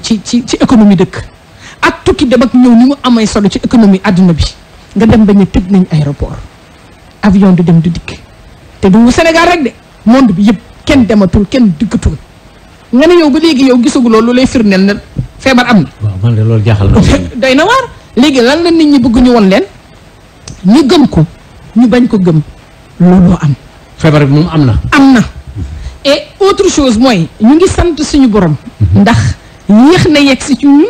ci ci ci économie dëkk ak tukki dem ak ñëw ni mu amay solo ci économie àdduna bi nga dem ba ñu tëj nañ aéroport avion du dem du dikk te du Sénégal rek de monde bi yëpp kenn dematul kenn dikkatul nga ne yow ba léegi yow gisagu loolu lay firndeel na feebar am na. waaw loolu jaaxal na doy na waar léegi lan la nit ñi bëgg ñu won leen ñu gëm ko ñu bañ ko gëm looloo am. feebar bi moom am na. am na et autre chose mooy ñu ngi sant suñu borom. Mhm. ndax. yéex na yegg si ci ñun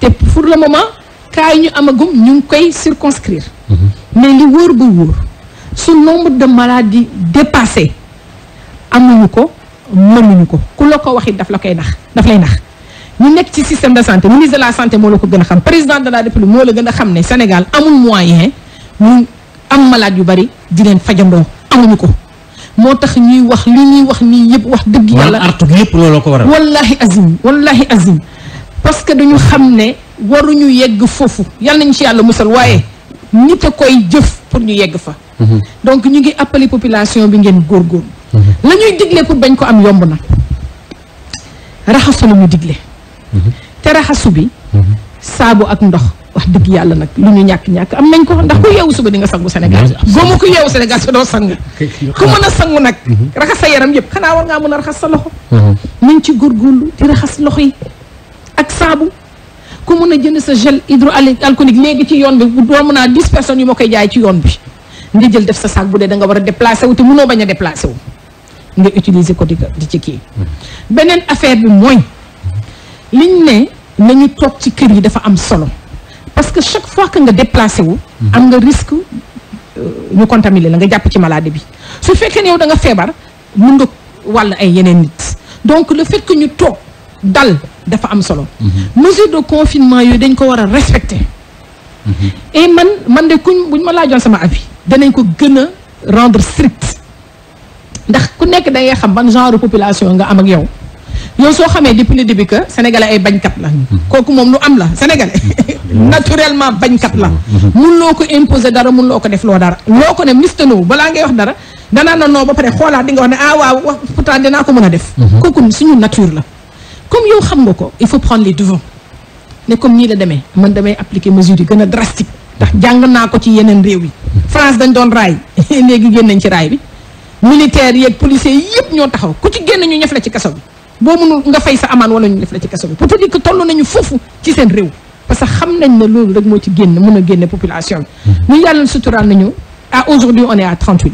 te pour le moment cas yi ñu amagum ñu ngi koy circonscrire. Mhm. mais li wóor ba wóor su nombre de maladies dépassé amuñu ko mënuñu ko ku la ko wax it daf la koy nax daf lay nax. ñu nekk ci système de santé ministre de la santé moo la ko gën a xam président de la république moo la gën a xam ne Sénégal amul moyen ñu am malade yu bari di leen fajandoo amuñu ko. moo tax ñuy wax li ñuy wax nii yëpp wax dëgg yàlla artu yëpp looloo ko waral wallahi azim wallahi azim parce que dañu xam ne waruñu yegg foofu yàlla nañu ci yàlla musal waaye nit a koy jëf pour ñu yegg fa mhm. donc ñu ngi appelé population bi ngeen góor mhm. la ñuy digle pour bañ ko am yomb na raxasu la digle mhm. te raxasu bi saabu ak ndox wax dëgg yàlla nag lu ñu ñàkk ñàkk am nañ ko ndax ku yeewu suba di nga sangu Sénégal góomu ku yeewu Sénégal sa doo sangu ku mën a ah. sangu nag mm-hmm. raxas sa yaram yëpp xanaa war ngaa mën a raxas sa loxo mm-hmm. nañ ci góorgóorlu di raxas loxo yi ak saabu ku mën a jënd sa gel hydroalcoolique léegi ci yoon bi bu doo mën a dix personnes yu ma koy jaay ci yoon bi nga jël def sa saak bu dee da nga war a déplacé wu te mënoo bañ a déplacé wu nga utiliser ko di ci kii mm-hmm. beneen affaire bi mooy liñ ne nañu toog ci kër yi dafa am solo parce que chaque fois que nga déplacé wu. am nga risque euh, ñu contaminer la nga jàpp ci maladie bi su fekkee ne yow da nga feebar mun nga wàll ay yeneen nit donc le fekk ñu toog dal dafa am solo. Mm-hmm. mesure de confinement yooyu dañ ko war a respecter. Mm-hmm. et man man de kuñ buñ ma laajoon sama avis danañ ko gën a rendre strict ndax ku nekk da ngay xam ban genre population nga am ak yow. yow soo xamee depuis le début que ay bañkat la kooku moom lu am la sénégalais naturellement bañkat la mm-hmm. mun loo ko imposer dara mun loo ko def loo dara loo ko ne mister no balaa ngay wax dara danaa na noo ba pare xoolaat di nga wax ne ah waaw wax pourtant dinaa ko mën a def mm-hmm. kooku suñu nature la comme yow xam nga ko il faut prendre les devants ne comme nii la demee man damay appliquer mesures yi gën a drastique ndax jàng naa ko ci yeneen réew yi France dañ doon raay léegi génn nañ ci raay bi militaires yeeg policiers yëpp ñoo taxaw ku ci génn ñu ñef la ci kaso bi boo mënul nga fay sa amaan wala ñu def la ci kaso bi pour dire que toll nañu foofu ci seen réew parce que xam nañ ne loolu rek moo ci génn mën a génne population bi mhm.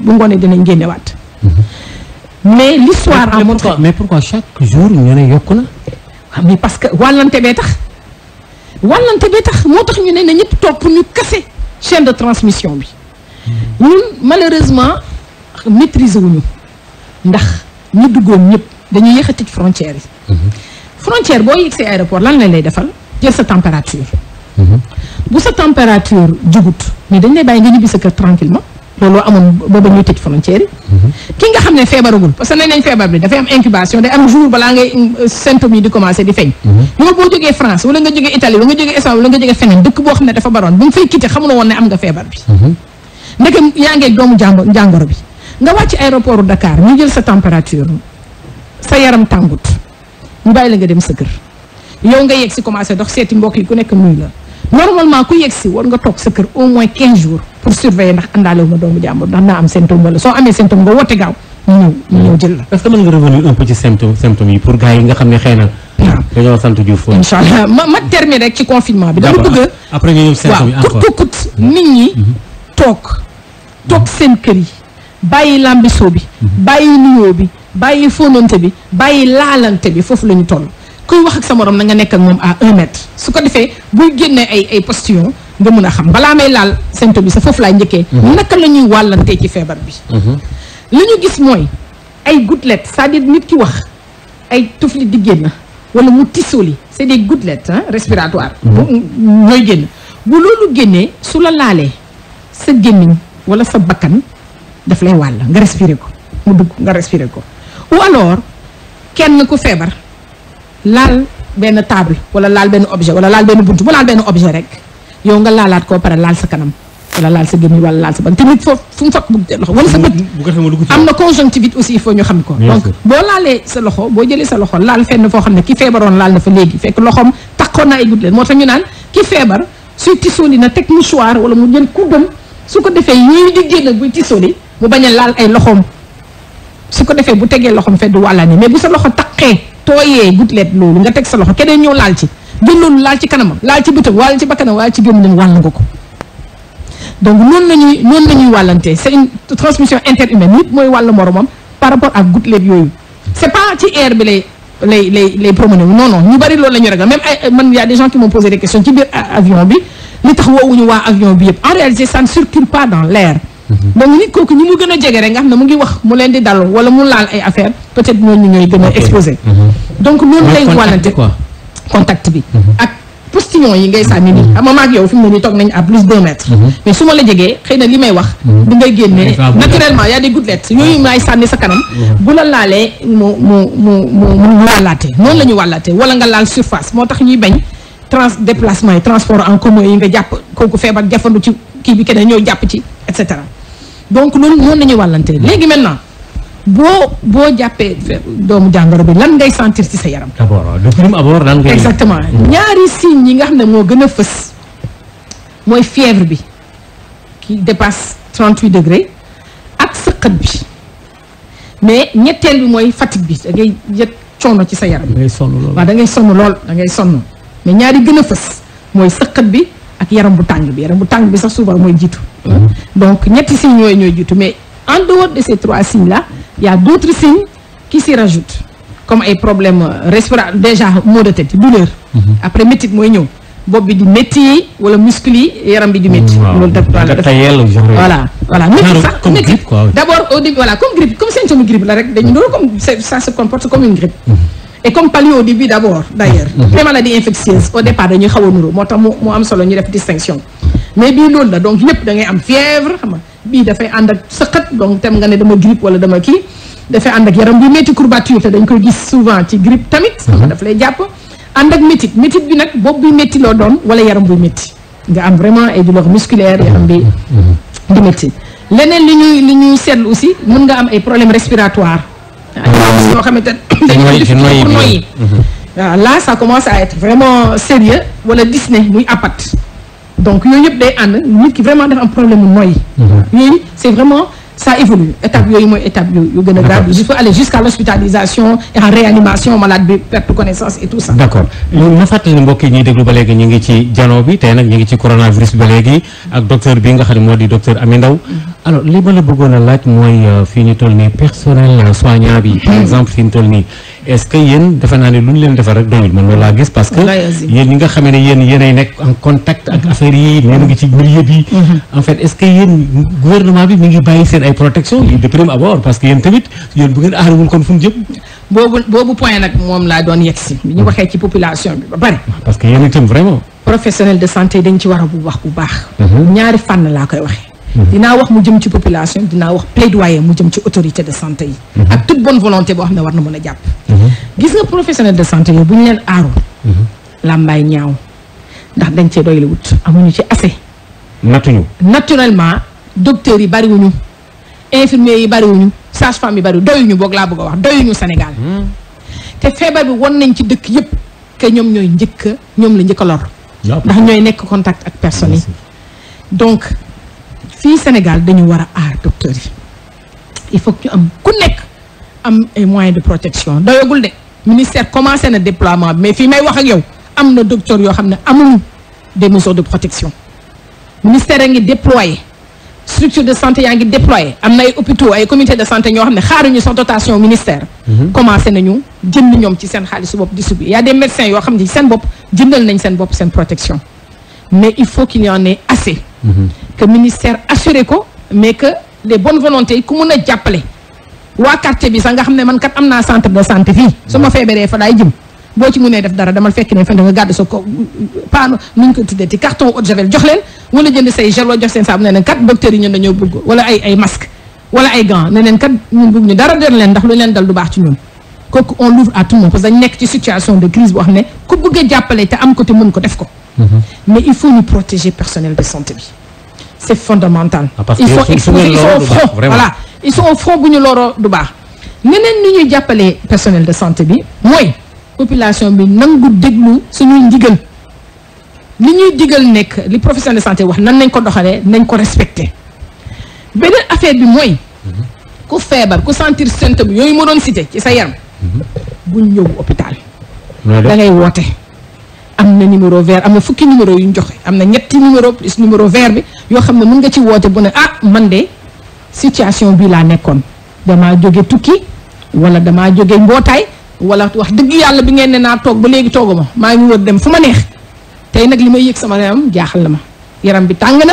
ngoonee dinañ génnewaat mhm. mais l'histoire en montre mais pourquoi chaque jour ñu ne yokku na waaw ah, mais parce que wàllante bee tax wàllante bee tax moo tax ñu ne na ñëpp toog pour ñu kase chaîne de transmission bi mhm. ñun malheureusement maîtriser wuñu ndax ñu duggoon ñëpp dañuy yéex a tëj frontière yi. Mhm. frontière boo yegg si aéroport lan lañ lay defal jël sa température. Mhm. bu sa température jugut mais dañ lay bàyyi nga ñibbi sa kër tranquillement looloo amoon booba ñuy tëj frontière yi. Mhm. ki nga xam ne feebaragul parce que nañ nañ feebar bi dafay am incubation day am jour balaa ngay euh, symptômes yi di commencé di feeñ. loolu boo jógee France wala nga jógee Italie wala nga jógee Espagne wala nga jógee feneen dëkk boo xam ne dafa baroon bu nga fay quitté xamuloo woon ne am nga feebar bi. ndeke yaa ngeeg doomu jàngoro jàngoro bi nga wàcc aéroport Dakar ñu jël sa température. sa yaram tàngut ñu bàyyi la nga dem sa kër yow nga yegg si commencé dox seeti mbokk yi ku nekk nuyu la normalement ku yegg si war nga toog sa kër au moins 15 jours pour surveiller ndax àndaale wu ma doomu jàmbur ndax naa am la. yi nga xam ne xëy ma ma rek ci confinement bi. dama bëgg a après kut kut nit ñi mhm. toog toog seen kër yi bàyyi lambiso bi mhm. bàyyi nuyoo bi bàyyi fóonante bi bàyyi laalante bi foofu la ñu toll kuy wax ak sa morom na nga nekk ak moom à un mètre su ko defee buy génnee ay ay postillon nga mën a xam balaa may laal sento bi sa foofu laay njëkkee mhm. naka la ñuy wàllantee ci feebar bi mhm. li ñu gis mooy ay gouttelettes c'est-à-dire nit ki wax ay tufli di génn wala mu tisoli c'est des gouttelettes hein respiratoires mhm. ñooy génn bu loolu génnee su la laalee sa gémmiñ wala sa bakkan daf lay wàll nga respirer ko mu dugg nga respirer ko ou alors kenn ku feebar laal benn table wala laal benn objet wala laal benn buntu bu laal benn objet rek yow nga laalaat koo pare laal sa kanam wala laal sa gémmiñ wala laal sa tamit foofu fu mu fokk bu loxo sa bët am na conjonctivite aussi il ñu xam ko donc boo laalee sa loxo boo jëlee sa loxo laal fenn foo xam ne ki feebaroon laal na fa léegi fekk loxoom takkoon na ay gudd leen moo tax ñu naan ki feebar suy tisooli na teg mouchoir wala mu jël kuddam su ko defee yooyu di génn buy tisooli mu bañ a laal ay loxoom su ko defee bu tegee loxom fedd wàlla ni mais bu sa loxo taqee tooyee gutleet loolu nga teg sa loxo keneen ñëw laal ci jël loolu laal ci kanamam laal ci bëtam wàll ci bakkanam wàll ci gémmiñam ko donc noonu lañuy noonu la ñuy wàllantee c'est une transmission interhumaine nit mooy wàll moromam par rapport ak gouttelettes yooyu c'est pas ci air bi lay lay lay lay promener wu ñu bari loolu la ñu ragal même ay man y a des gens qui m'ont posé des questions ci biir avion bi li tax woowuñu waa avion bi yëpp en réalité ça ne circule pas dans l'air Mm-hmm. donc nit kooku ñu mu gën a jege rek nga xam ne mu ngi wax mu leen di dal wala mu laal ay affaire peut-être ñooñu ñooy gën a exposé mm-hmm. donc loolu lay wàllante contact bi mm-hmm. ak postillon yi ngay sànni nii xam nga ak yow fi mu ne toog nañu à plus deux mètres mais su ma la jegee xëy na li may wax du génne génnee naturellement y a des gouttelettes ah. yooyu may sànni sa kanam bu la laalee mu mu mu mu mu laalaate noonu la ñu wàllaate wala nga laal surface moo tax ñuy bañ trans déplacement yi transport en commun yi nga jàpp kooku feebar jafandu ci kii bi keneen ñëw jàpp ci et cetera donc loolu noonu la ñuy wàllante léegi maintenant boo boo jàppee doomu jàngoro bi lan ngay sentir ci sa yaram. d'abord le prime abord lan ngay. exactement mm-hmm. ñaari signes yi nga xam ne moo gën a fës mooy fièvre bi qui dépasse 38 degrés ak sëqët bi mais ñetteel bi mooy fatigue bi da ngay yëg coono ci sa yaram. da ngay sonn lool waaw da ngay sonn lool da ngay sonn. mais ñaari gën a fës mooy sëqat bi ak yaram bu tàng bi yaram bu tàng bi sax souvent mooy jiitu. Mm-hmm. donc ñetti signes yooyu ñooy jiitu mais en dehors de ces trois signes là y a d' autres signes qui comme ay problème euh, respiratoire déjà maux de tête douleur. Mm-hmm. après métit mooy ñëw. bopp bi di métti wala muscle yi yaram bi di métti. loolu daf voilà voilà métti sax métti d' abord au début voilà comme grippe comme symptôme grippe la rek dañu doon mm-hmm. comme ça comme une et comme palio au début d' abord d' ailleurs. Mhm. les maladies infectieuses au dañuy xaw a nuru moo tax mu am solo ñu def distinction. mais bii loolu la donc lépp da am fièvre xam nga bii dafay ànd ak sëqat donc tam nga ne dama grippe wala dama kii. dafay ànd ak yaram bi métti courbature te dañ koy gis souvent ci grippe tamit. xam mhm. daf lay jàpp ànd ak métit métit bi nag bopp bi métti loo doon wala yaram buy métti. nga am vraiment ay douleurs musculaires yaram bi mhm. di métti leneen li ñuy li ñuy seetlu aussi mën nga am ay problèmes respiratoires. waaw ñoo xamante ne dañoo def pour noyyi. waaw à être vraiment sérieux wala dis ne muy apat donc yooyu yëpp day ànd nit ki vraiment dafa am problème mu sa évolue étape yooyu mooy étape yu yu gën a grave il faut aller jusqu'à l'hospitalisation et réanimation malade bi perte connaissance et tout sax d'accord ma fàttali ne mbokk yi ñuy déglu ba léegi ñu ngi ci jano bi tey nag ñu ngi ci coronavirus ba léegi ak docteur bi nga xam ne moo di docteur Amy Ndao mm-hmm. alors li ma la bëggoon a laaj mooy euh, fii ñu toll nii personnel soignant bi par mm-hmm. exemple fii ñu toll nii est-ce que yéen defe naa ne lu ñu leen defar rek doyul man loolu laa gis parce que yéen ñi nga xam ne yéen yéenay nekk en contact ak affaires yi yéen a ngi ci milieu bi mm-hmm. en fait est-ce que yéen gouvernement bi mi ngi bàyyi seen ay protection yi de prime abord parce que yéen tamit yéen bu ngeen aarewul kon fu ñu boobu point nag moom laa doon yegg si bi ñu waxee ci population bi ba bari ah, parce que yéen itam vraiment professionnel de santé dañ ci war a bu wax bu dinaa wax mu jëm ci population dinaa wax plaidoyer mu jëm ci autorité de santé yi mhm. ak toute bonne volonté boo xam ne war na mën a jàpp mhm. gis nga professionnel de santé yooyu bu ñu leen aaroon mhm. làmbaay ñaaw ndax dañ cee doyle la wut amuñu ci assez natuñu naturellement docteurs yi bariwuñu infirmiers yi bariwuñu sage femme yi bariwuñu doyuñu boog laa bëgg a wax doyuñu Sénégal te feebar bi won nañ ci dëkk yëpp que ñoom ñooy njëkk ñoom la njëkk lor ndax ñooy nekk contact ak personnes yi fii Sénégal dañu war a aar docteur yi il faut que ñu am ku nekk am ay moyens de protection doyagul de ministère commencé na déploiement mais fii may wax ak yow am na docteur yoo xam ne amuñu des mesures de protection ministère a ngi déployé structure de santé ngi déployé am na ay hôpitaux ay comité de santé ñoo xam ne xaaruñu sax dotation ministère. Mhm. commencé nañu jënd ñoom ci seen xaalisu bopp di subi y a des yoo xam ne seen bopp jëndal nañ seen bopp seen protection. mais il faut qu'il y en ait assez mm-hmm. que ministère assuré ko mais que les bonnes volontés yi ku mun a jàppale waa quartier bi sax nga xam ne man kat am naa centre de santé fii su ma mm-hmm. feebaree fa laay jëm boo ci mënee def dara damal fekk ne fenn nga gàddu sa ko paano nu ko tuddee ci carton de javel jox leen wala jënd say gel wala jox seen saabu ne leen kat docteur yi ñun dañoo bëgg wala ay ay masque wala ay gants ne leen kat ñun bëgg ñu dara der leen ndax lu leen dal du baax ci ñun kooku on l'ouvre à tout le parce que dañ nekk ci situation de crise boo xam ne ku bëgg a jàppale te am ko te mën ko def ko mhm. mais il faut ñu protéger personnel de santé bi c'est fondamental ils sont exposés ils sont au front voilà ils sont au front bu ñu loroo du baax neneen ni ñuy jàppalee personnel de santé bi mooy population bi nangu déglu suñuy ndigal li ñuy digal nekk li professionnel de santé wax nan nañ ko doxalee nañ ko respecté beneen affaire bi mooy mhm. ku feebar ku sentir symptôme yooyu ma doon cité ci sa yaram buñ ñëw hôpital. da ngay woote. am na numéro vert am na fukki numéro yu ñu joxe am na ñetti numéro plus numéro vert bi yoo xam ne mun nga ci woote bu ne ah man de situation bi laa nekkoon damaa jóge tukki wala damaa jóge mbootaay wala wax dëgg yàlla bi ngeen ne naa toog ba léegi ma maa ngi wër dem fu ma neex tey nag li may yëg sama yaram jaaxal na ma yaram bi tàng na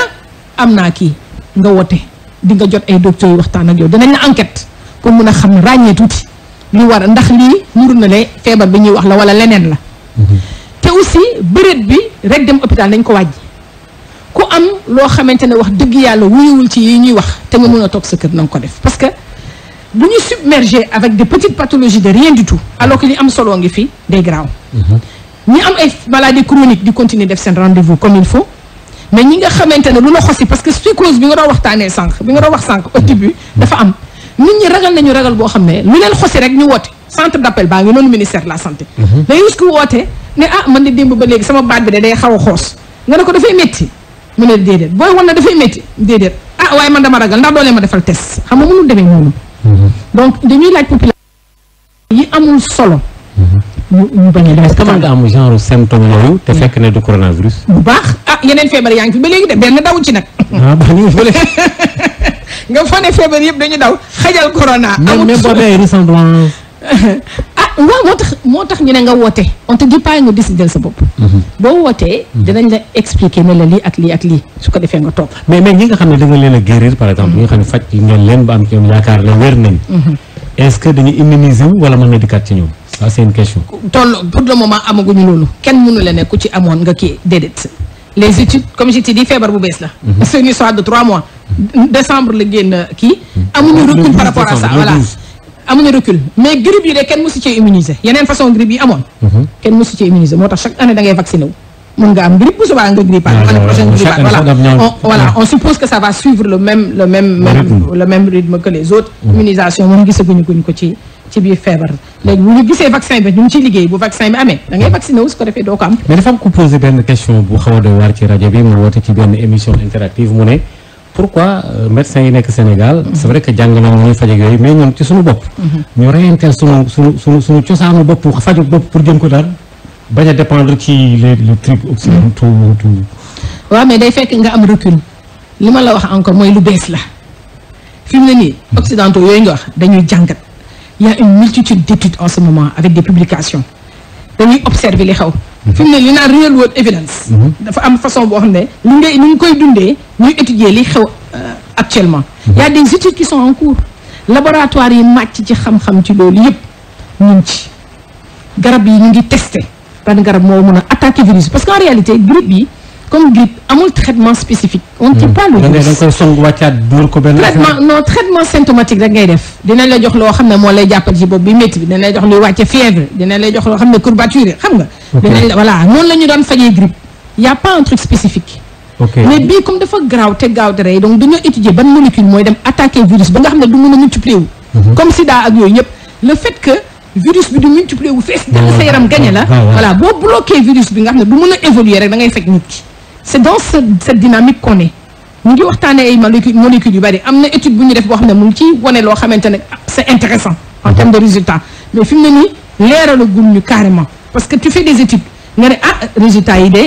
am naa kii nga woote di nga jot ay docteurs yu waxtaan ak yow danañ la enquête pour mun a xam ràññee tuuti. li war ndax lii nuru na ne feebar bi ñuy wax la wala leneen la mhm. te aussi bëreet bi rek dem hôpital nañ ko wàjji ku am loo xamante ne wax dëgg yàlla wuyuwul ci yi ñuy wax te ma mun a toog sa kër na nga ko def parce que bu ñu submergé avec des petites pathologies de rien du tout alors que li am solo ngi fi day graaw mhm. ñi am ay maladie chronique di continuer def seen rendez-vous comme il faut mais ñi nga xamante ne lu la xosi parce que psychose bi nga doon waxtaanee sànq bi nga wax sànq au début mhm. dafa am nit ñi ragal nañu ragal boo xam ne lu leen xosi rek ñu woote centre d'appel baa ngi noonu ministère de la santé da ngay gis ku woote ne ah man de démb ba léegi sama baat bi de day xaw a xoos nga ne ko dafay métti mu ne déedéet booy wan na dafay métti déedéet ah waaye man dama ragal ndax doolee ma defal test xam nga mënul demee noonu mhm. donc dañuy laaj population solo mhm. ñu a dem est-ce que mën nga am genre symptôme yooyu te fekk ne du coronavirus bu baax ah yeneen feebar yaa ngi fi ba léegi de benn daw ci nag ah, nga foog ne feebar yëpp dañu daw xajal corona. amul même ah waaw moo tax moo tax ñu ne nga woote on te dit pas nga décider sa bopp. Mhm. boo wootee. Mhm. dinañ la expliquer ne lii ak lii ak lii su ko defee nga topp. mais mais ñi nga xam ne da leen a par exemple ñi nga xam ne faj ñoom leen ba am ci yaakaar la wér nañ. Mhm. est-ce que dañuy immuniser wu wala na dikkaat ci ñoom. waaw c'est question. toll pour le moment amaguñu loolu kenn mënu la ne ku ci amoon nga kii déedéet. les études comme je t'ai dit feebar bu bees la. Mhm. c'est une histoire de trois mois. décembre la génn euh, kii. Mhm. amuñu recul par rapport à ça voilà. amuñu recul mais grippe yi de kenn mosu immunisé yeneen façon grippe yi amoon. Mhm. kenn mosu immunisé moo tax chaque année da ngay vacciné nga am grippe bu subaa nga grippe année prochaine grippe voilà on suppose que ça va suivre le même le même. le que les autres. immunisation moom gisaguñu guñ ko ci. ci biir feebar léegi bu ñu gisee vaccin bi ñu ngi ciy liggéey bu vaccin bi amee da ngay vacciné wu su ko defee doo ko am. mais dafa am ku posé benn question bu xaw a doy waar ci rajo bi mu woote ci benn euh, nekk Sénégal. c'est vrai que jàng nañu ñuy mais ñun ci suñu bopp. ñu reyanteel suñu suñu suñu suñu cosaanu bopp faju bopp pour jëm ko daal bañ a dépendre ci les les trucs occidentaux tout. waaw mais day fekk nga am recul li ma la wax encore mooy lu bees la fi mu ne nii. occidentaux yooyu nga wax dañuy jàngat. il y a une multitude d'études en ce moment avec des publications dañuy observer li xew fi mu ne li naan real world evidence mhm. dafa am façon boo xam ne li ngay ni ngi koy dundee ñuy étudier li xew euh, actuellement mhm. il y a des études qui sont en cours laboratoire yi màcc ci xam-xam ci loolu yëpp ñu ngi ci garab yi ñu ngi testé ban garab moo mën a attaquer virus parce qu'en réalité grippe yi comme grippe amul traitement spécifique. on ne tue hmm. pas le virus da koy song wàccaat traitement symptomatique rek def dina la jox loo xam ne moo lay jàppal ci bopp bi métti bi dina lay jox loo xam ne courbature xam nga. dina noonu la ñu doon fajee grippe y' a pas un truc spécifique. mais bii comme dafa garaaw te gaaw te rey donc dañoo étudier ban molécule mooy dem attaquer virus ba nga xam ne du mën a multiplier wu. Mhm. comme sida ak yooyu ñëpp le fait que. virus bi du multiplier wu fees dal sa yaram xam ne du mën a évoluer ngay fekk nit c'est dans cette cette dynamique qu'on ngi waxtaanee ay molécules yu bari am na étude bu ñu def boo xam ne mu ngi ci wane loo xamante ne c'est intéressant en termes de résultats mais fi ne nii leeralagul ñu carrément parce que tu fais des études nga ne ah résultats yi de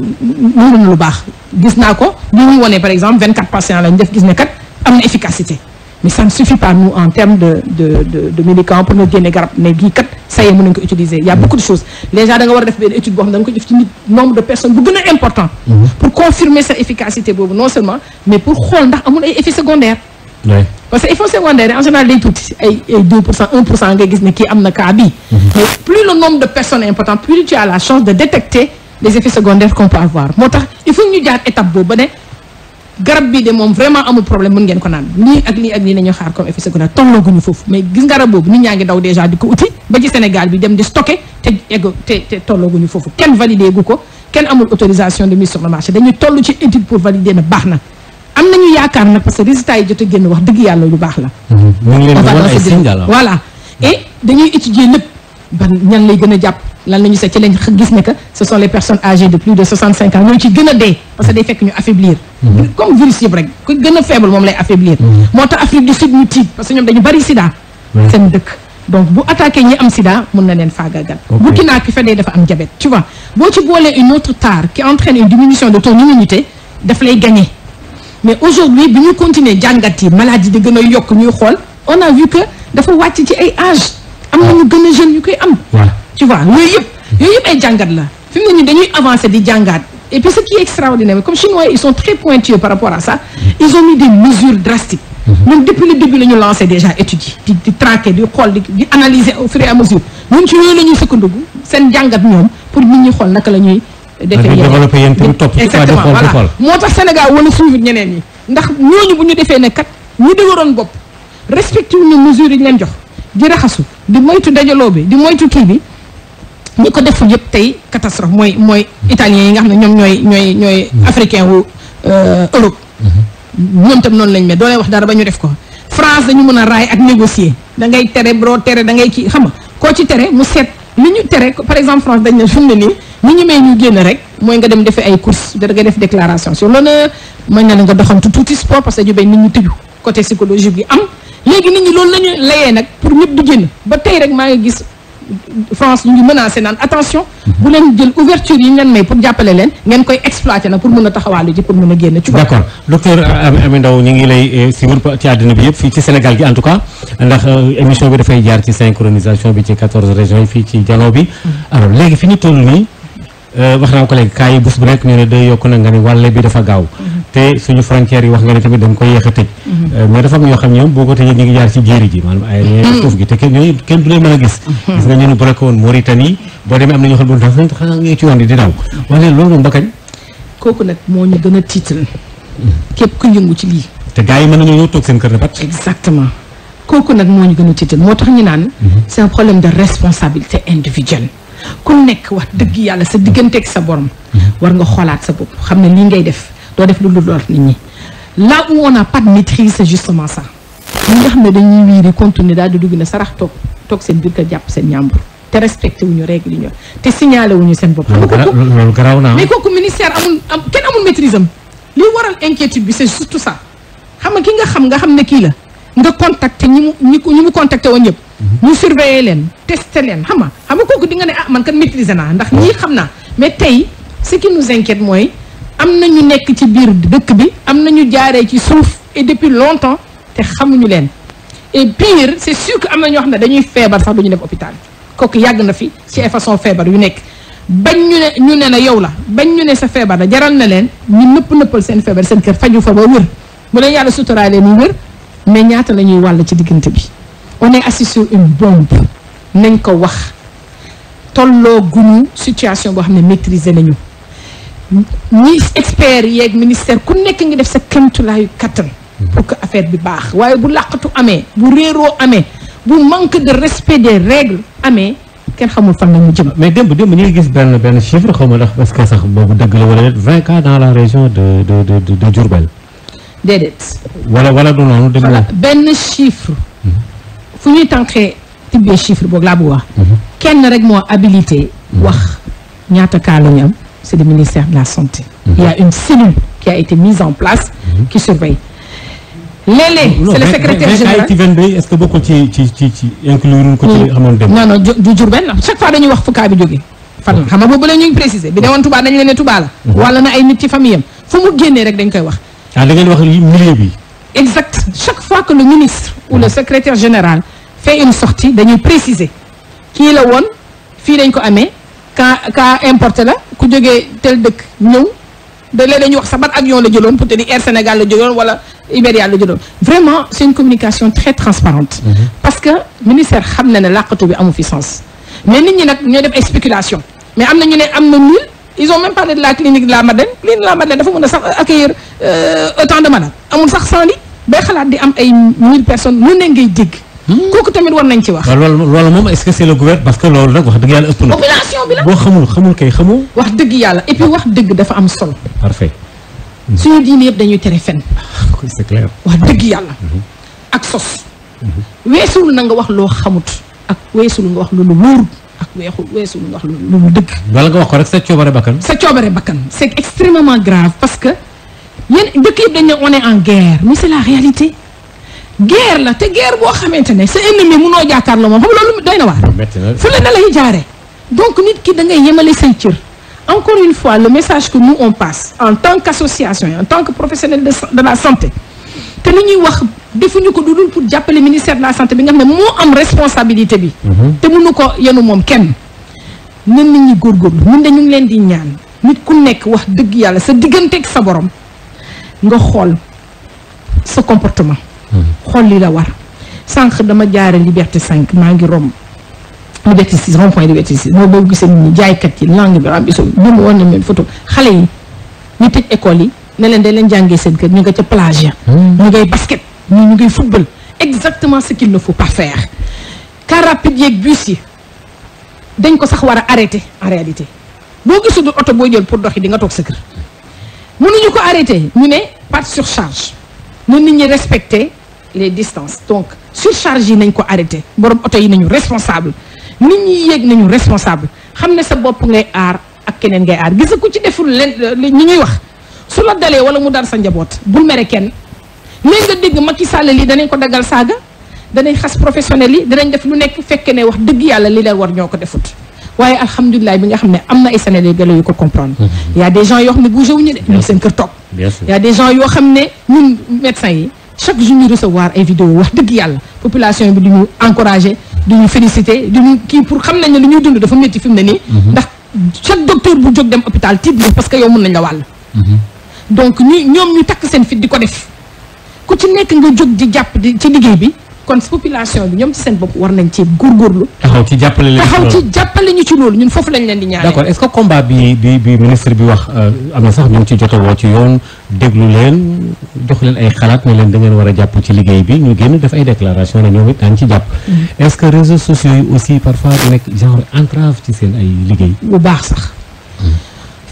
mënu na lu baax gis naa ko ñu ngi wane par exemple 24 la lañ def gis ne kat am na efficacité mais ça ne suffit pas nous en termes de de de de médicaments pour ñu génne garab ne gii ça y est mën nañu ko utiliser y beaucoup de choses déjà da war def benn étude boo xam ne da ko def nit nombre de personnes bu gën a important mhm. pour confirmer sa efficacité boobu non seulement mais pour xool ndax amul ay effets secondaires parce que effet secondaire en général day tuuti ay ay 2 pour cent 1 pour cent nga gis ne kii am na cas bi mhm. mais plus le nombre de personnes est important plus tu as la chance de détecter les effets secondaires garab bii de moom vraiment amul problème mën ngeen ko naan lii ak lii ak lii nañu xaar comme effet secondaire tollooguñu foofu mais gis garab boobu nit ñaa ngi daw déjà di ko uti ba ci Sénégal bi dem di stocké te egg te tollooguñu foofu kenn validé gu ko kenn amul autorisation de mise sur le marché dañuy toll ci étude pour valider na baax na am nañu yaakaar na parce que résultat yi jot a génn wax dëgg yàlla lu baax la. ñu mhm. ngi leen di wan ay signe voilà dañuy étudier lépp a jàpp. lan la ñu seet ci lañ gis ne que ce sont les personnes âgées de plus de 65 ans ñoo ci gën a dee parce que day fekk ñu affaiblir. Mhm. comme virus yëpp rek ku gën a faible moom lay affaiblir. Mhm. moo tax Afrique du Sud ñu tiit parce que ñoom dañu bari sida. seen dëkk donc bu attaqué ñi am sida mun na leen faagaagal. Burkina ki fa dee dafa am diabète tu vois boo ci boolee une autre tare qui entraîne une diminution de ton immunité daf lay gagné mais aujourd'hui ñu continuer jàngat yi maladie di gën a yokk xool on a vu que dafa ci ay âge am na ñu gën a jeune ñu koy am. tu vois yooyu yëpp yooyu ay jàngat la fi mu ne nii dañuy avancer di jàngaat et puis ce qui est extraordinaire comme chinois ils sont très pointueux par rapport à ça ils ont mis des mesures drastiques ñoom mhm. depuis le début la ñu lancé déjà études yi di traquer di xool di analyser au fur et à mesure ñun ci yooyu la ñuy sukkandiku seen jàngat ñoom pour nit ñi xool naka la ñuy développé yéen tamit topp exactement voilà moo tax Sénégal wala suivre ñeneen ñi ndax ñooñu bu ñu defee ne kat ñu dëgëroon bopp respecté wuñu mesures yi ñu leen jox di raxasu di moytu dajaloo bi di moytu kii bi ñi ko deful yëpp tey catastrophe mooy mooy italiens yi nga xam ne ñoom ñooy ñooy ñooy mm-hmm. africain wu euh, Europe mm-hmm. ñoom tam noonu lañ mel doo wax dara ba ñu def ko France dañu mën a raay ak négocier da ngay tere bro tere da ngay kii xam nga koo ci tere mu seet li ñu tere par exemple dañ ne fi ne nii ni ñu may ñu génn rek mooy nga dem defee ay course da nga def déclaration sur l'honneur mën na la nga doxantu tuuti sport parce que ju bay nit ñu tëju côté psychologique bi am léegi nit ñi loolu la ñu layee nag pour ñëpp du génn ba tey rek maa nga gis France ñu ngi menacé naan attention bu leen jël ouverture yi ñu may pour jàppale leen ngeen koy exploité nag pour mën a taxawaalu ji pour mën a génn ci d'accord docteur euh, Amy euh, ci àddina bi en tout cas ndax euh, émission bi dafay jaar ci synchronisation bi ci 14 régions yi fii ci jano bi mm-hmm. léegi fi ñu toll nii wax naa ko léegi cas yi bu nekk ñu ne day yokk na nga ni wàlle bi dafa gaaw mm-hmm. te suñu frontières yi wax nga ne tamit da koy yéex a tëj mhm. euh, mais dafa am yoo xam ñoom boo ko tëjee ñu ngi ci jéeri ji maanaam mhm. a gis mhm. gis kooku nag moo ñu gën a tiital képp ku yëngu ci lii te gars yi mën nañoo ñëw toog seen kër ne pat exactement kooku nag moo ñu gën a tiital moo tax ñu naan sa un problème de responsabilité individuelle ku nekk wax dëgg yàlla sa digganteeg sa borom war nga xoolaat sa bopp xam ne lii ngay def doo def lu lu lor nit ñi laa où on n'a pas de maîtrise c'est justement ça ñi nga xam ne dañuy wiiri continuer daal di dugg ne sarax toog toog seen biir jàpp seen ñàmbur te respecté ñu règle yi ñu wu ñu seen bopp loolu garaaw naa ah. mais kooku ministère amul am kenn amul maîtrise am li waral inquiétude bi c'est surtout ça xam nga ki nga xam nga xam ne kii la nga contacté ñi mu ñi mu contacté woon ñëpp ñu mm-hmm. surveiller leen tester leen xam nga xam nga kooku di nga ne ah man kat maîtriser naa ndax ñii xam naa mais tey ce qui mooy am na ñu nekk ci biir dëkk bi am na ñu jaaree ci suuf et depuis longtemps te xamuñu leen et pire c'est am na ñoo xam ne dañuy feebar sax du ñu dem hôpital kooku yàgg na fi ci ay façon feebar yu nekk bañ ñu ne ñu ne na yow la bañ ñu ne sa feebar la jaral na leen ñu nëpp nëppal seen feebar seen kër faju fa ba wër bu yàlla suturaalee mu wër mais ñaata la ñuy wàll ci diggante bi on est assis nañ ko wax tolloo guñu situation boo xam ne maîtriser nañu ñi experts yeeg ministère ku nekk ngi def sa kéemtulaayu kattan. pour que affaire bi baax waaye bu làqatu amee bu réeroo amee bu manque de respect des règles amee kenn xamul fan na mu jëm. mais démb démb ñu ngi gis benn benn chiffre xaw ma ndax parce que sax boobu dëgg la wala vingt cas dans la de de wala wala du noonu. dem benn chiffre. fu ñuy tànkee tibbee chiffre boog laa bëgg wax. Mhm. kenn rek moo habilité. Mhm. wax ñaata cas la c'est le ministère de la Santé. Mmh. Il y a une cellule qui a été mise en place mmh. qui surveille. léeg-léeg c'est le secrétaire général mais est-ce que boo ko ci ci ci ci inclure ko hmm. jur benn chaque fois dañuy wax fu bi jógee. fan la xam nga boobu la préciser bi ne woon Touba dañu leen ne Touba mhm. na ay nit ci famille am fu mu génnee rek dañ koy wax. ah da ngeen wax milieu bi. exact chaque fois que le ministre ou le mhm. secrétaire général fait une sortie dañuy préciser kii la woon fii dañ ko amee. cas cas importé la ku jógee tel dëkk ñëw da léeg dañuy wax sax ban avion la jëloon pour te di Air Sénégal la jëloon wala Iberia la jëloon vraiment c'est une communication très transparente mm-hmm. parce que ministère xam na ne làqatu bi amu fi sens mais nit ñi nag ñoo def ay spéculation mais am na ñu ne am na mille ils ont même parlé de la clinique de la Madeleine clinique la Madeleine dafa mën a sax accueillir euh, autant de malades amul sax cent lits bay xalaat di am ay mille personnes mu ne ngay dégg kooku tamit war nañ ci wax. loolu loolu moom est-ce que c'est le gouvernement parce que loolu nag wax dëgg yàlla ëpp na. population bi la boo xamul xamul kay xamoo. wax dëgg yàlla et wax dëgg dafa am solo. parfait. suñu diine yëpp dañuy tere fen. c'est wax dëgg yàlla. Mhm. ak sos. Mhm. weesuwul na nga wax loo xamut. ak weesuwul nga wax lu lu wóorut. ak weexul weesuwul nga wax lu lu dëgg. wala nga wax ko rek sa coobare bakkan. sa coobare bakkan c'est extrêmement grave parce que yéen dëkk yëpp dañ ne on en guerre mais c'est réalité. guerre la te guerre boo xamante ne sa ennemi munoo jàkkaarloo moom xam nga loolu doy na waar. fu la ne lay jaaree. donc nit ki da ngay yemale say cër. encore une fois le message que nous on passe en tant qu'association en tant que professionnel de de la santé te li ñuy wax defuñu ko dul pour jàppale ministère de la santé bi nga xam ne moo am responsabilité bi. Mhm. te mënu ko yenu moom kenn. ñun nit ñu góorgóorlu ñun de ñu ngi leen di ñaan nit ku nekk wax dëgg yàlla sa digganteeg sa borom nga xool sa comportement. xool li la war sànq dama jaare liberté 5 maa ngi romb liberté 6 rond point moo boo gisee nit ñi jaaykat yi langue bi rabiso bi mu woon na mel photo xale yi ñu tëj école yi ne leen day leen jàngee seen kër ñu nga ca plage ya hmm. ñu ngay basket ñu ngay football exactement ce qu'il ne faut pas faire car rapide yeeg yi dañ ko sax war a arrêté en réalité boo gisul oto boo jël pour doxi di nga toog sa kër mënuñu ko arrêté ñu ne pas surcharge na nit ñi respecté les distance donc surcharge yi nañ ko arrêté borom oto yi nañu responsable nit ñi yéeg nañu responsable xam ne sa bopp ngay aar ak keneen ngay aar gis ko ci deful leen ñu ñuy wax su la dalee wala mu dar sa njaboot bul mere kenn léegi nga dégg Macky Sall lii danañ ko daggal saaga danañ xas professionnel yi danañ def lu nekk fekke ne wax dëgg yàlla li leen war ñoo ko defut waaye alhamdulilah bi nga xam ne am na ay Sénégalais yu ko comprendre mm-hmm. y a ne bougé wuñu de ñoom seen kër toog y yoo xam ne ñun yi chaque jour ñu recevoir ay vidéo wax dëgg yàlla population bi du ñu encouragé du ñu félicité du ñu kii pour xam nañ ne lu ñuy dund dafa métti fi mu ne nii. Mhm. ndax chaque docteur bu jóg dem hôpital tiit na parce que yow mun nañ la wàll. Mhm. donc ñu ñoom ñu takk seen fit di ko def ku ci nekk nga jóg di jàpp di ci liggéey bi. kon population bi ñoom ci seen bopp war nañ ci góorgóorlu. taxaw ci jàppale taxaw ci jàppale ñu ci loolu ñun foofu lañ leen di ñaanee. d'accord est-ce que combat bi bi bi ministre bi wax euh, am na sax ñu a woo a jàpp ci liggéey bi ñu génn def ay déclaration ne ñoom it daañu ci jàpp. Mm-hmm. est-ce que réseaux sociaux yi aussi parfois nekk genre entrave ci seen ay liggéey. bu baax sax. Mm-hmm.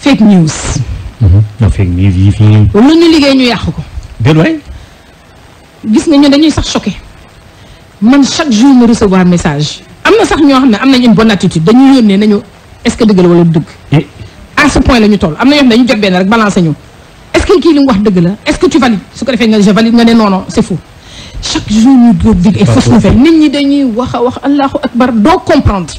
fake news. Mm-hmm. non ñu liggéey ñu yàq ko. gis nga ñun dañuy sax choqué. man chaque jour ma recevoir message am na sax ñoo xam ne am na une bonne attitude dañuy yónnee nañu est-ce que dëgg la wala dëgg. à ce point la ñu toll am na ñoo xam ne dañu jot benn rek balancé ñu est-ce que kii li wax dëgg la est-ce que tu valides su ko defee nga je valide nga ne non non c'est faux chaque jour ñu doog dig ay nouvelle nit ñi dañuy wax a wax allahu akbar doo comprendre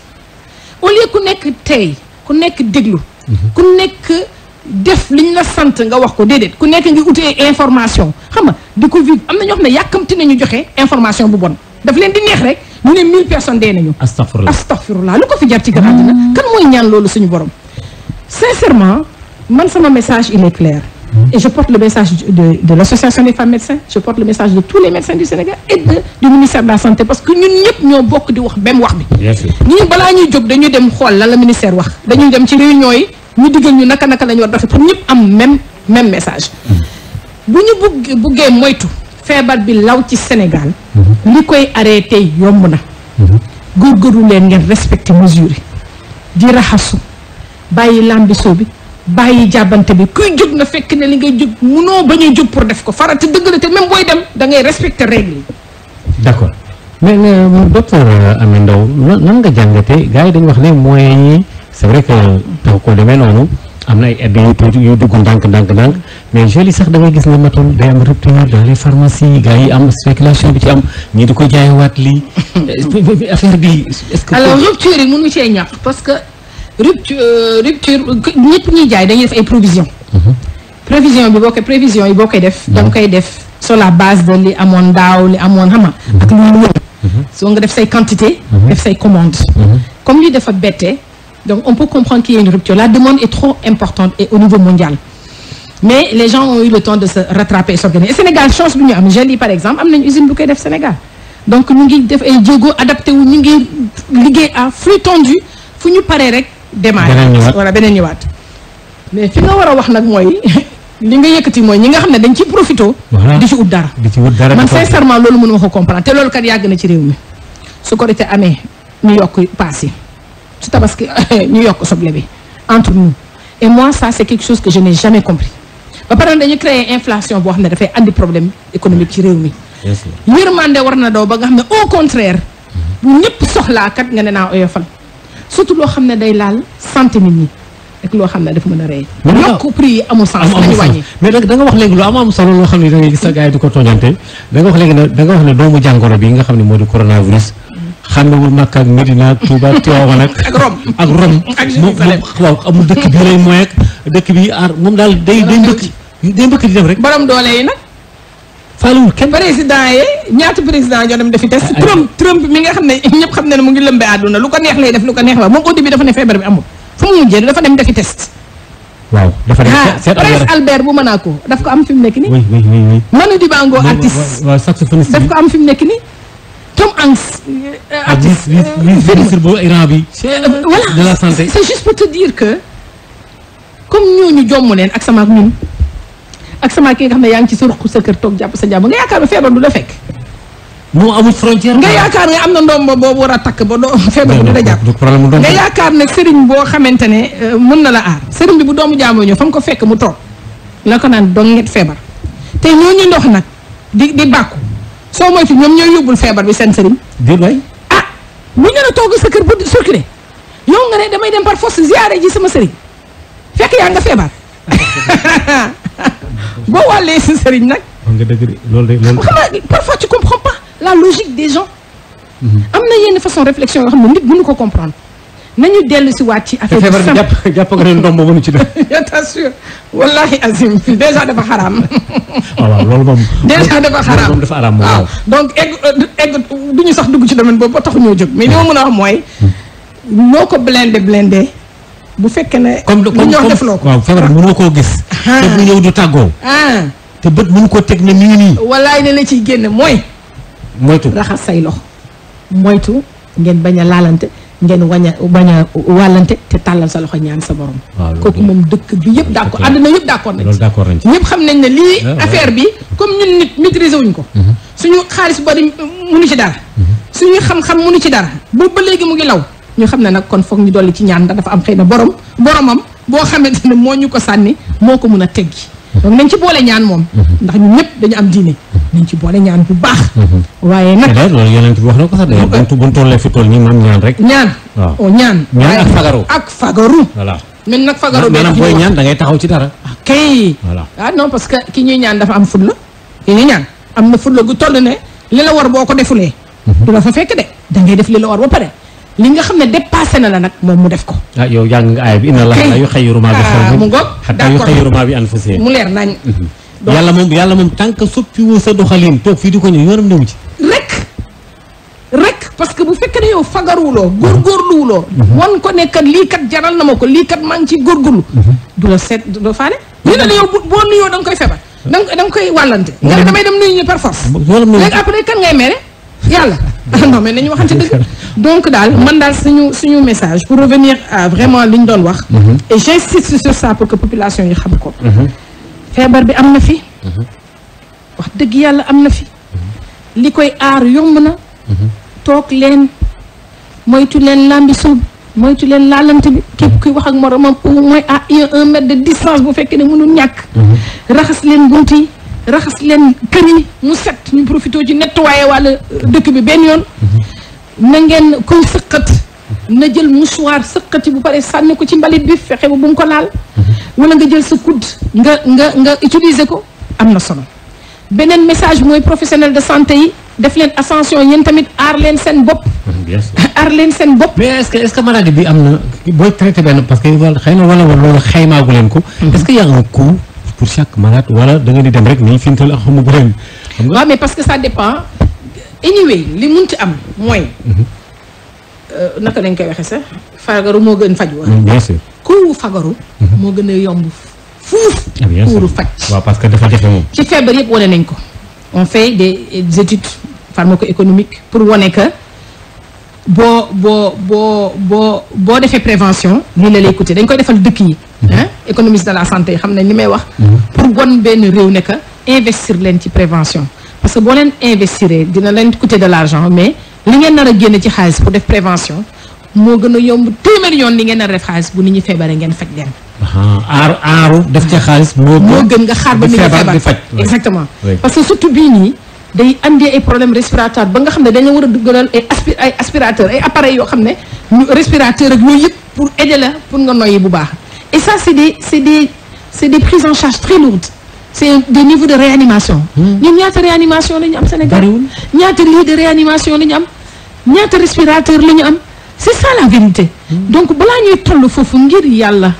au lieu ku nekk tey ku nekk déglu. Mhm. ku nekk def li ñu la sant nga wax ko déedéet ku nekk ngi utee information xam nga di ko vivre am na ñoo xam ne yàkkamti nañu joxe information bu bon. daf leen di neex rek ñu ne mille personnes dee nañu astafurlah astafurlah lu ko fi jar ci gën àddina hmm. kan mooy ñaan loolu suñu borom sincèrement man sama message il est clair hmm. et je le message de de l'association des femmes message de tous les médecins du Sénégal et de du ministère de santé parce que ñun ñëpp ñoo bokk di wax même wax bi ñun balaa ñuy jóg dañuy dem xool lan la ministère wax dañuy dem ci réunion yi ñu diggal ñu naka naka la ñu war doxee pour ñëpp am même même message hmm. bu ñu bugg buggee moytu feebar bi law ci Sénégal li koy arrêté yomb na góorgóorlu leen ngeen respecté mesure di raxasu bàyyi làmbisoo bi bàyyi jàbbante bi kuy jóg na fekk ne li ngay jóg munoo bañ a jóg pour def ko farata dëgg la te même booy dem da ngay respecté règle yi d'accord mais euh, docteur euh, Amy Ndao nan nga jàngate gaa yi dañ wax ne mooy yi c'est vrai ko demee noonu am na ay aide yu yu dugg ndànk ndànk mais joli sax da ngay gis ne matul day am rupture dans les pharmacies gars yi am spéculation bi ci am ñi di ko jaayewaat lii eh, affaire bi est-ce que. alors rupture yi mënu cee ñàkk parce que rupture euh, rupture ñëpp ñuy jaay dañuy def ay provisions. Mhm. prévision bi boo koy prévision yi boo koy def. da nga mhm. koy def sur la base de li amoon daaw li amoon xama ak lu mu mhm. soo nga def say quantité. def say commande. comme li dafa bette. Donc on peut comprendre qu'il La demande est trop importante mondial. Mais les gens ont eu le temps de se rattraper et s'organiser. Sénégal chance bi ñu am jeunes par exemple am nañu usine bu koy def Sénégal donc ñu ngi def ay jéego adapté wu ñu ngi liggéey à flux tendu fu ñu paree rek démarrer voilà beneen ñëwaat mais fi nga war a wax nag mooy li nga yëkkati mooy ñi nga xam ne dañ ci profito di ci wut dara man sincèrement loolu mënu ma ko comprendre te loolu kat yàgg na ci réew mi su ko defee amee ñu yokk paas yi su tabaski ñu yokk soble bi entre nous et moi ça c'est quelque chose que je n'ai jamais compris ba pare dañu créer inflation boo xam ne dafay andi problème économique ci réew mi yërmande war na daw ba nga xam ne au contraire ñëpp soxlaakat nga ne naa oyofal surtout loo xam ne day laal santé nit ñi rek loo xam ne dafa mën a rey yokk prix yi amul sens nañu wàññi mais da nga wax léegi lu am am solo loo xam ne da gis sa gars di ko tooñante moo di coronavirus xàmmewul Makka ak Medina Touba Tiwaawan ak. ak Rome ak Rome. ak moom waaw amul dëkk bi lay mooy ak dëkk bi aar moom daal day day mbëkk day bëkk di def rek. borom doole yi nag. faalewul kenn président yi ñaata président ñoo dem defi test. Trump Trump mi nga xam ne ñëpp xam na ne mu ngi lëmbee àdduna lu ko neex lay def lu ko neex la moom au début dafa ne feebar bi amul fu mu mujjee dafa dem defi test. waaw dafa ah, seet Prince Albert bu Monaco daf ko am nekk nii. oui oui oui. Manu daf ko am fi mu nekk nii. comme un euh, ah, artiste euh, vice bi. Euh, voilà de la santé c'est juste pour te dire que comme ñooñu jomm leen ak sama ak ak sama ki nga xam ne yaa ngi ci sa ruq sa kër toog jàpp sa jàmm nga yaakaar du la fekk. moo amul frontière. nga yaakaar ne am na ba boobu war a takk ba doo feebar bu dina jàpp. nga yaakaar ne sëriñ boo xamante ne mën na la aar. sëriñ bi bu doomu jaamoo ñëw fa ko fekk mu toog la ko naan dong ngeen feebar te ñooñu ndox nag di di bàkku. soo moytu ñoom ñooy yóbbul feebar bi seen sëriñ. déedéet ah bu ñu la toog sa kër bu circulé yow nga ne damay dem par force ziare ji sama sëriñ fekk yaa nga feebar boo wàllee sa sëriñ nag. nga dëgg loolu de loolu. xam nga parfois tu comprends pas la logique des gens. Mhm. am na yenn façon réflexion yoo xam ne nit mënu ko comprendre. nañu dellu si waat ci affaire bi sam jàpp jàpp nga ne ndombo mënu ci def. je t'assure wallahi azim déjà dafa xaraam. Ah waaw loolu moom. déjà dafa xaraam dafa xaraam ah, waaw. donc egg euh, egg du ñu sax dugg ci domaine boobu ba ñoo jóg mais li ma mën a wax mooy. noo ko blindé bu fekkee ne. comme comme ñoo defloo ko waaw feebar mënoo koo gis. Ah. te bu ñëw du tàggoo. te bët mënu ko teg ne mi ngi nii. wallaay ne la ciy génne mooy. moytu raxas say loxo moytu ngeen bañ a laalante. ngeen wañ a a wàllante te tàllal sa loxo ñaan sa borom ah, kooku moom dëkk bi yëpp d'accord àdduna yëpp d'accord nañ ci ñëpp xam nañ ne lii ah, affaire bi comme ñun nit maîtriser wuñ ko mhm. suñu xaalis bari munu ci dara mhm. suñu xam-xam munu ci dara bu ba léegi mu ngi law ñu xam ne nag kon foog ñu dolli ci ñaan ndax dafa am xëy na borom boromam boo xam ne moo ñu ko sànni moo ko mun a teggi donc nañ ci boole ñaan moom mhm. ndax ñun ñëpp dañu am diine nañ ci boole ñaan bu baax mhm. waaye nag loolu yonent bi wax na ko sax de fi toll nii moom ñaan rek ñaan waaw oh, ñaan ñaan ak fagaru ak fagaru voilà nag fagaru maanaam booy ñaan da ngay taxaw ci dara ok voilà ah non parce que ki ñuy ñaan dafa am fulla ki ñuy ñaan am na fulla gu toll ne li la war boo ko defulee mhm. du la fa fekk de da ngay def li la war ba pare li nga xam ne dépassé na la nag moom mu def ko. ah yow jàng nga aaya bi inna Allaha laa yuxayyiru maa bi ah, qawmin mu ngoog hattaa yuxayyiru mu leer nañ mhm. yàlla moom yàlla moom tant que soppiwoo sa doxalin toog fii di ko ñëw yoonam newu ci rek rek parce que bu fekkee ne yow fagaruwuloo góorgóorluwuloo mhm. wan ko ne lii kat jaral na ma ko lii kat maa ngi ciy góorgóorlu du la set du la faale mhm. ñu ne la da koy febar da nga damay dem nuyu ñu par force léegi après ngay mere yàlla non mais nañu ci dëgg donc daal man daal suñu suñu message pour revenir à vraiment li ñu doon wax mhm. et j'insiste sur ça pour ko population yi xam ko mhm. feebar bi am na fi mhm. wax dëgg yàlla am na fi li koy aar yomb na toog leen moytu leen lambi suub moytu leen laalante bi képp kuy wax ak moromam au moins à un mètre de distance bu fekkee ne mënul ñàkk raxas leen bunt yi raxas leen kër yi mu set ñu profité ci nettoyé walla dëkk bi benn yoon na ngeen koy sëqat na jël mouchoir sëqati bu paree sànni ko ci mbalit bi fexe ba bu mu ko laal walla nga jël sa kudd nga nga nga utiliser ko am na solo beneen message mooy professionnel de santé yi def leen attention yéen tamit aar leen seen bopp. aar leen seen bopp. mais est-ce que est-ce que maladie bi am na booy traité benn parce que xëy na walla walla loolu leen ko. Mhm. est-ce que y a un pour chaque malade wala da nga di dem rek nii fi mu toll ak parce que ça dépend. anyway li munti am mooy. Mhm. Euh, naka dañ koy waxee sax fagaru moo gën faj wa mm, bien sûr kuuru fagaru. Mhm. moo gën a yomb fuuf. Ah, bien sûr kuuru faj. waaw parce que dafa jafe moom. ci feebar yëpp wane nañ ko. on fait des études pharmaco-économiques pour wane que. boo boo boo boo boo defee prévention lii la lay coûter dañ koy defal dëkk yi mhm. économiste de la santé xam nañ li may wax mhm. pour wan benn réew ne que investir leen ci prévention parce que boo leen investiree dina leen coûter de l'argent mais li ngeen nar a génn ci xaalis pour def prévention moo gën a yomb téeméer yoon li ngeen nar a def xaalis bu nit ñi feebaree ngeen faj leen aaru aaru def ca xaalis moo gën nga xaar ba nit ñi feebar exactement parce que surtout bii nii day andi ay problème respiratoire ba nga xam ne dañoo war a duggalal ay aspi ay aspirateur ay appareils yoo xam ne ñu respirateur ak yooyu yëpp pour aider la pour nga noyyi bu baax et ça c' est des c' est des c' est des prises en charge très lourdes c' est des de réanimation. Hmm. ñun ñaata réanimation la am Sénégal. ñaata lits de réanimation la ñu am ñaata respirateur lañu am c' est ça la vérité. Hmm. donc balaa ñuy toll foofu ngir yàlla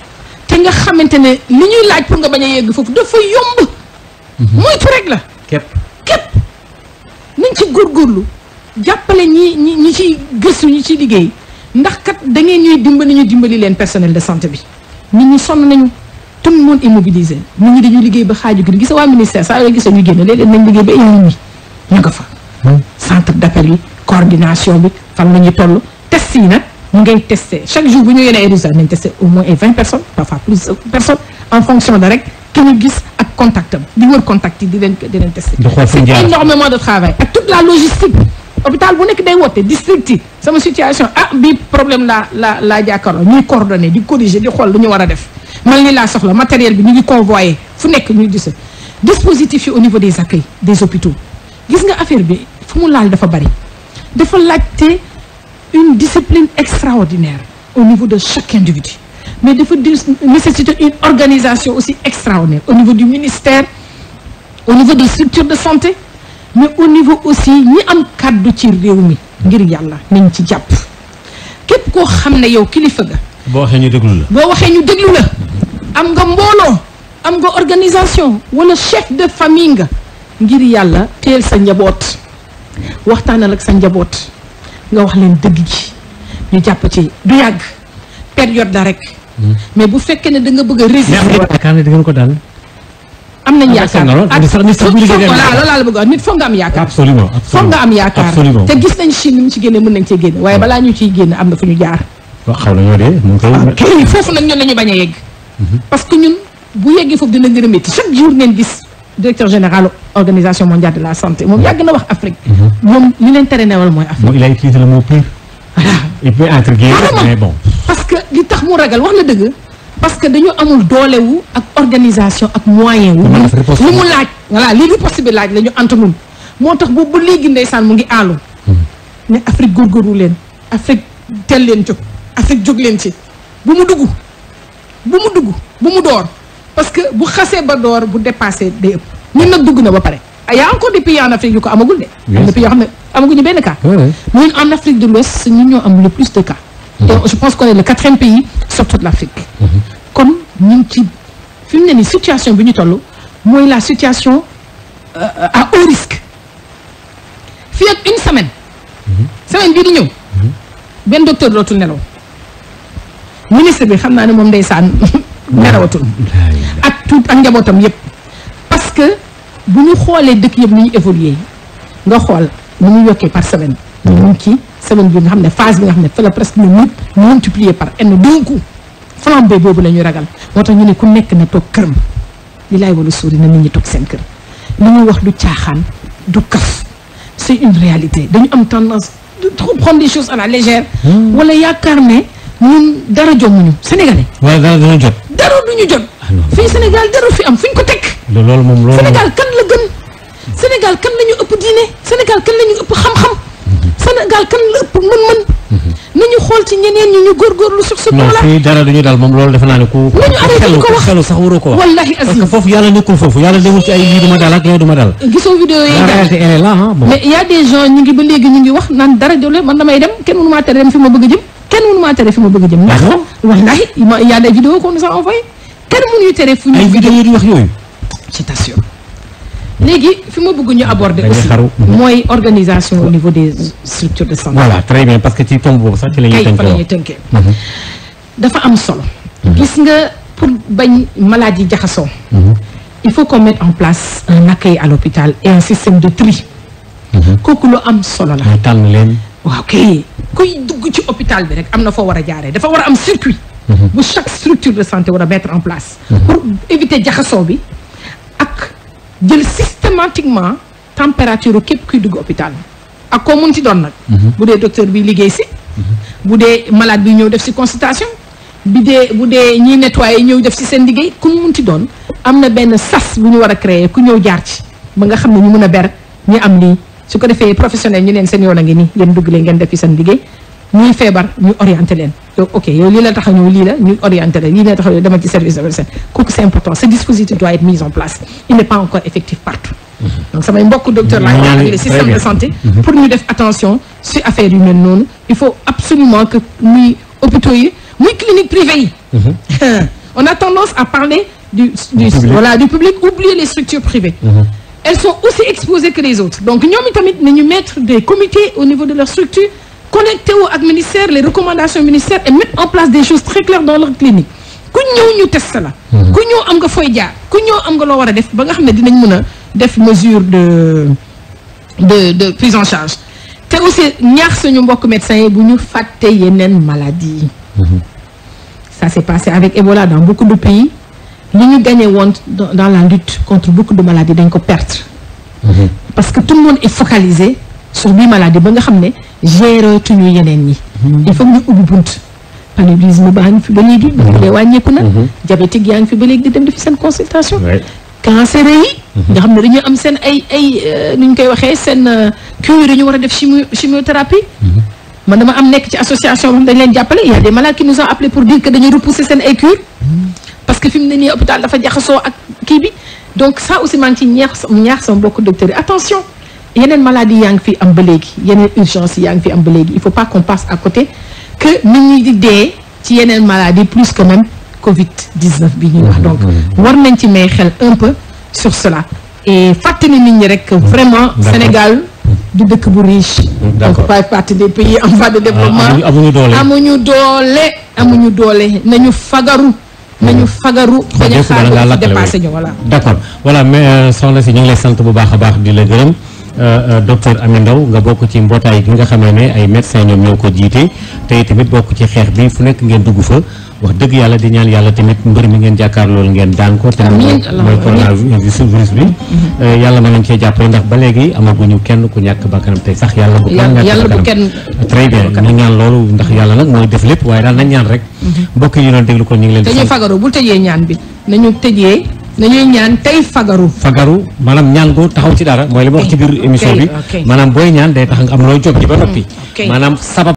te nga xamante ne li ñuy laaj pour nga bañ a yegg foofu dafa yomb. Hmm. moytu rek la. képp. nañ ci góorgóorlu jàppale ñi ñi ñi ci gëstu ñi ci liggéey ndax kat da ngeen ñuy dimbali ñu dimbali leen personnel de santé bi nit ñi sonn nañu tout le monde est mobilisé nit ñi dañuy liggéey ba xaaju guddi gisa waa ministère saa yoo gisee ñu génn léeg-léeg nañ liggéey ba ay ñu nga fa hmm. centre d'appel yi coordination bi fan la ñuy test yi nag ñu ngay testé chaque jour bu ñu yenee ay résultats nañ testé au moins ay vingt personnes parfois plus personnes ki ñu gis ak contact am di wër contact yi di leen di leen testé. c'est énormément de travail ak toute la logistique. hôpital bu nekk day woote district yi sama situation ah problème laa la laa jàkkaarloo ñuy coordonné di corriger di xool lu ñu war a def man li laa soxla matériel bi ñu ngi convoyé fu nekk ñu gis dispositif yi au niveau des accueils des hôpitaux gis nga affaire bi fu mu laal dafa bari dafa laajte une discipline extraordinaire au niveau de chaque individu mais dafa nécessiter une organisation aussi extraordinaire au niveau du ministère au niveau des structures de santé mais au niveau aussi ñi am kàddu ci réew mi ngir yàlla nañ ci jàpp képp koo xam ne yow kilifa ga boo waxee ñu déglu la boo waxee ñu déglu la am nga mbooloo am nga organisation wala chef de famille nga ngir yàlla teel sa njaboot waxtaanal ak sa njaboot nga wax leen dëgg gi ñu jàpp ci du yàgg période la rek mais bu fekkee ne da nga bëgg a résister. yaakaar ne a nit foog nga am yaakaar. absolument foog nga am yaakaar. te gis nañ Chine ni mu ci génne mën nañ cee génne waaye balaa ñu ciy génn am na fu ñu jaar. waaw xaw nañoo ah, foofu nag ñun la ñu bañ a yegg. Mhm. parce que ñun bu yeggee foofu dina gën a métti chaque jour ngeen gis directeur général organisation mondiale de la santé moom mhm. yàgg na wax Afrique. Mhm. moom li leen tere newal mooy Afrique. il a utilisé il peut être mais bon. parce que li tax mu ragal wax na dëgg. parce que dañu amul doole ak organisation ak moyen wu. li mu laaj. voilà lii riposte bi laaj la ñu ant moo tax boobu ba léegi ndeysaan mu ngi aalu. Hmm. ne Afrique góorgóorlu leen. Afrique teel leen jóg. Afrique jóg leen ci. bu mu duggu bu mu dugg bu mu door parce que bu xasee ba door bu dépassé day ëpp ñun nag dugg na ba pare. Ah, y' encore des pays en Afrique yu ko amagul de. am a pays yoo xam ne amaguñu benn cas. ñun en Afrique de l'Ouest ñun ñoo am le plus de cas. Mhm. et pays sur toute l'Afrique. Mhm. kon ñu ci fi mu ne nii situation bi ñu tollu mooy la situation euh, à haut risque. fii ak une semaine. Mhm. semaine bii di ñëw. benn docteur dootul nelaw. ministre bi xam naa ne moom ndeysaan nelawatul. ak tuut ak njabootam yépp bu ñu xoolee dëkk yëpp ni ñu évolué nga xool nu mu yokkee par semaine. Mm-hmm. ñu ngi ci semaine bi nga xam ne phase bi nga xam ne fa la presque ñoom ñëpp multiplier par n donc flambée boobu la ñu ragal moo tax ñu ne ku nekk na toog këram li laay wala suuri na nit ñi toog seen kër li ñuy wax du caaxaan du kaf c'est une réalité dañu am tendance de trop prendre les choses à la légère. Mm-hmm. wala yaakaar ne. mun dara jomuñu sénégalais. waaye dara duñu jot. dara duñu jot. Ah, fii Sénégal dara fi am fuñ ko teg. loolu moom loolu Sénégal kan la gën. Sénégal kan ñu ëpp diine Sénégal kan la ñu ëpp xam-xam. Mhm. Sénégal kan la ëpp mën-mën. Mhm. nañu xool ci ñeneen ñi ñu góorgóorlu suuf si. non fii dara du ñu daal moom loolu defe naa ne ku. xelu sax waroo wax. parce que foofu yàlla nekkul foofu yàlla nekkul ci ay lii duma daal ak yooyu duma a des ñu ngi wax naan dara jëlee man damay dem kenn mënu maa tere dem fi ma bëgg jëm kenn mënu maa tere fi ma bëgg jëm ah ndax wallahi y a des vidéos qu'on nous a envoyé kenn mënuñu tere fu ñu ay vidéo yooyu je t'assure léegi fi ma bëgg ñu aborder aussi mooy organisation au niveau des structures de santé voilà très bien parce que ci tomb boobu sax ci la tënkee mhm. dafa am solo mhm. gis nga pour bañ maladie jaxasoo mhm. il faut qu'on mette en place un accueil à l'hôpital et un système de tri kooku lu am solo la tànn leen waaw kuy dugg ci hôpital bi rek am na foo war a jaaree dafa war a am circuit. Mhm. bu chaque structure de santé war a mettre en place. Mhm. pour éviter jaxasoo bi ak jël systématiquement température képp kuy dugg hôpital ak koo mun ci doon nag. Mhm. bu dee docteur bi liggéey si. bu dee malade bi ñëw def si consultation. bu dee bu dee ñiy nettoyé ñëw def si seen liggéey ku mun ci doon am na benn sas bu ñu war a créer ku ñëw jaar ci ba nga xam ne ñu mun a ber ñu am lii. su ko defee professionnel ñu leen seen yoon a ngi nii ngeen dugg leen ngeen def fi seen liggéey ñuy feebar ñu orienté leen donc ok yow lii la tax a ñëw lii la ñu orienté leen lii la tax a ñëw demal ci service de médecine kooku c'est important ce dispositif doit être mis en place il n'est pas encore effectif partout mm-hmm. donc samay mbokk docteur laa mm-hmm. ñaan ak le système de santé mm-hmm. pour ñu def attention si affaire yu mel noonu il faut absolument que muy hôpitaux yi muy clinique privée yi on a tendance à parler du, du voilà du public oublier les structures privées elles sont aussi exposées que les autres donc ñoom itamit nañu mettre des comités au niveau de leur structure connecté wu ak ministère les recommandations ministère et mettre en place des choses très claires dans leur clinique ku ñëw ñu test la mhm. ku ñëw am nga foy jaar ku ñëw am nga loo war a def ba nga xam ne dinañ mën a def mesure de de de prise en charge te aussi ñaax suñu mbokk médecins yi bu ñu fàtte yeneen maladie yi mhm. ça s'est passé avec Ebola dans beaucoup de pays li ñu gagné woon dans la lutte contre beaucoup de maladies dañ ko perte mhm. parce que tout le monde est focalisé sur bii maladie ba nga xam ne géretuñu yeneen ñi. Mhm. il faut ñu ubbi bunt. paludisme baa ngi fi ba léegi. Mhm. bu dee wàññeeku na. diabétique yaa ngi fi ba léegi di dem defi seen consultation. cancer yi. nga xam ne dañoo am seen ay ay euh, nu ñu koy waxee seen euh, cure ñu war a def chimio chimiothérapie. man dama am nekk ci association boo xam dañ leen jàppale il y a des dañuy repousser seen ay parce que fi mu ne nii hôpital dafa jaxasoo ak kii bi donc ça aussi maa ngi ciy ñaax ñaax sama mbokku docteur yi attention yeneen maladie yaa ngi fi am ba léegi yeneen urgence yaa ngi fi am ba léegi il faut pas qu'on passe à côté que nit ñi di dee ci yeneen maladie plus que même Covid 19 bi ñuy wax mm-hmm. donc war nañ ci may xel un peu sur cela et ni nit ñi rek vraiment Sénégal. du dëkk bu riche. d'accord donc partie des pays en voie de ah, développement. amuñu doole amuñu doole amuñu doole nañu fagaru. nañu mm. fagaru bañ a xaar dépassé ñu voilà d'accord voilà mais euh, soxna si ñu ngi lay sant bu baax a baax di la gërëm euh, euh, docteur Amy ndaw nga bokk ci mbootaay gi nga xamee ne ay médecins ñoom ñoo ko jiite tey tamit bokk ci xeex bi fu nekk ngeen dugg fa wax dëgg yàlla di ñaan yàlla tamit mbër mi ngeen jàkkaar loolu ngeen daan ko te mooy coronavirus bi mhm. euh, yàlla mën nañ cee jàppale ndax ba léegi amaguñu kenn ku ñàkk bakkanam tey sax yàlla bu kenn ñàkk bakkanam très bien ñu ñaan loolu ndax yàlla nag mooy def a waaye daal nañ ñaan rek mhm. mbokk yi doon déglu ko ñu ngi leen dañuy fagaru bu tëjee ñaan bi nañu tëjee nañuy ñaan tey fagaru fagaru ñaan goo taxaw ci dara mooy li ma wax ci biir émission bi maanaam booy ñaan day tax nga am looy jóg ji ba noppi maanaam sabab